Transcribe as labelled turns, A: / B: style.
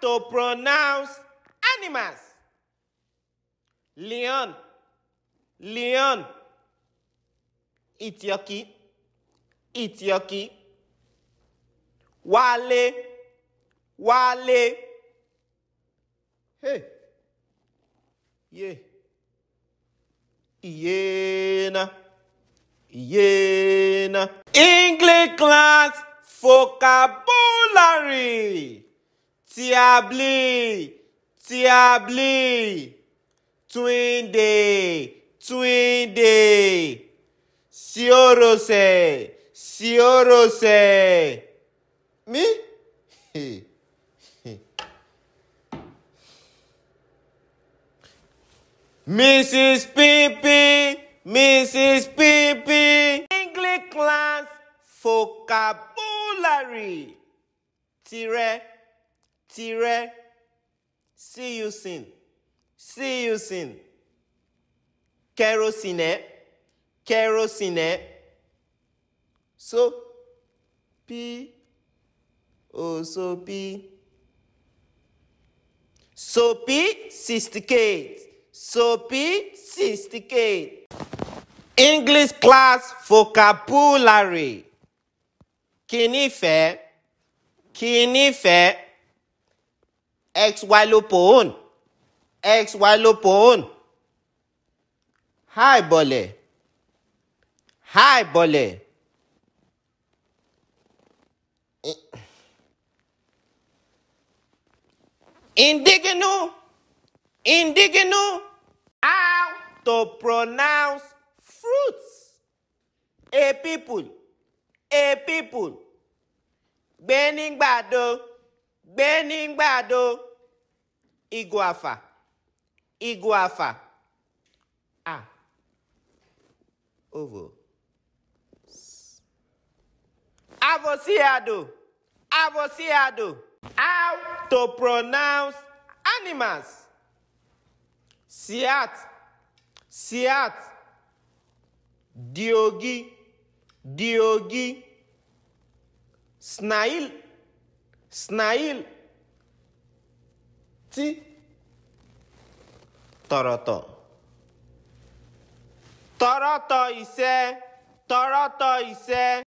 A: to pronounce animals. Leon, Leon, Itioki, Itioki, Wale, Wale. Hey, yeah. Iena, Iena. English class vocabulary. Tiabli, Tiabli, Twinde, Twinde, Siorose, Siorose. Mi? Mrs. Pimpin, Mrs. Pimpin. English class vocabulary. Tire tirẹ̀ see you soon see you soon kerosene kerosene so p o so p so p sixty-eight so p sixty-eight English class vocabulary kí ni xy ló pòón xy ló pòón háì bọ̀lẹ̀ how to pronounce fruits. A people, a people, gbẹ̀nìgbàdo. Gbénígbàdó Iguafa Iguafa ah ovo avociado avociado how to pronounce animals siat siat diogi diogi snail. snail tí tọ̀rọ̀tọ̀ tọ̀rọ̀tọ̀ ìṣe tọ̀rọ̀tọ̀ ìṣe.